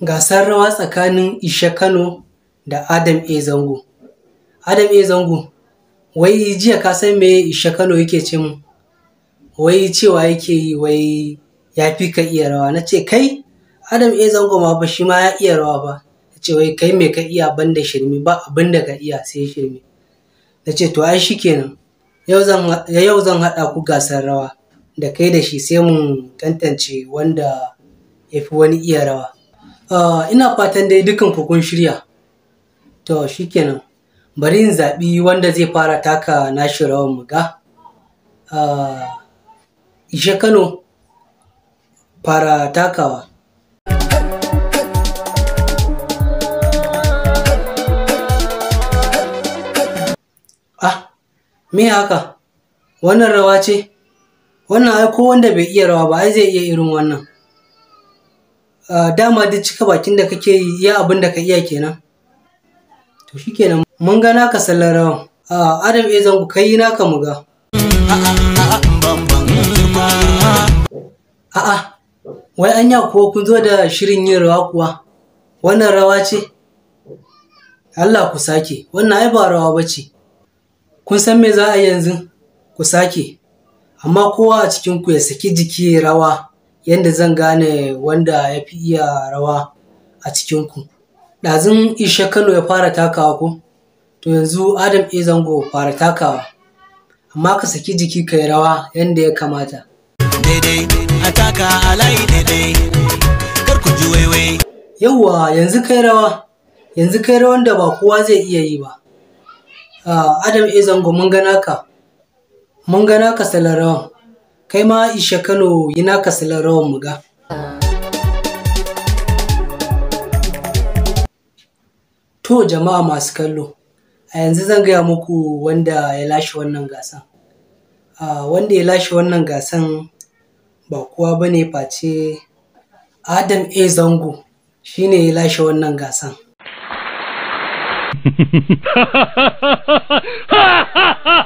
gasar rawa tsakanin Isha Kano da Adam A Zango. Adam A Zango, wai jiya ka san me Isha Kano yake ce mu? Wai cewa yake yi wai ya fi ka iya rawa. Na ce kai Adam A Zango ma ba shi ma ya iya rawa ba. Na ce wai kai me ka iya banda shirmi ba abin da ka iya sai shirmi. Na ce to ai shi kenan. Yau zan haɗa ku gasar rawa da kai da shi sai mun tantance wanda ya fi wani iya rawa. Ah, ina fatan dai dukan ku kun shirya to shikenan bari in zaɓi wanda zai fara taka nashi rawan ga. Ah, ishe kano fara takawa ah me haka wannan rawa ce wannan ai ko wanda bai iya rawa ba ai zai iya irin wannan Ah, dama duk cika bakin da kake yi ya abin da ka iya kenan to shikenan mun ga naka sallar rawan ah, adam eh, zan ku kai naka mu ga a'a wai anya kuwa kun zo da shirin yin rawa kuwa wannan rawa ce Allah ku sake wannan ai ba rawa ba ce kun san me za a yanzu ku sake amma kowa a cikin ku ya saki jiki rawa yadda zan gane wanda ya fi iya rawa a cikinku. Ɗazun Isha Kano ya fara takawa ko? To yanzu Adam e Zango fara takawa. Amma ka saki jiki kai rawa yadda ya kamata. Daidai, Yawwa yanzu kai rawa, yanzu kai rawan da ba kowa zai iya yi ba. Ah, Adam e Zango mun gana ka, mun gana ka salon rawan. kai ma Aisha Kano yi naka salon rawan mu ga. To jama'a masu kallo, a yanzu zan gaya muku wanda ya lashe wannan gasan. Wanda ya lashe wannan gasan ba kuwa ba ne face Adam A. Zango shi ne ya lashe wannan gasan. ha ha ha ha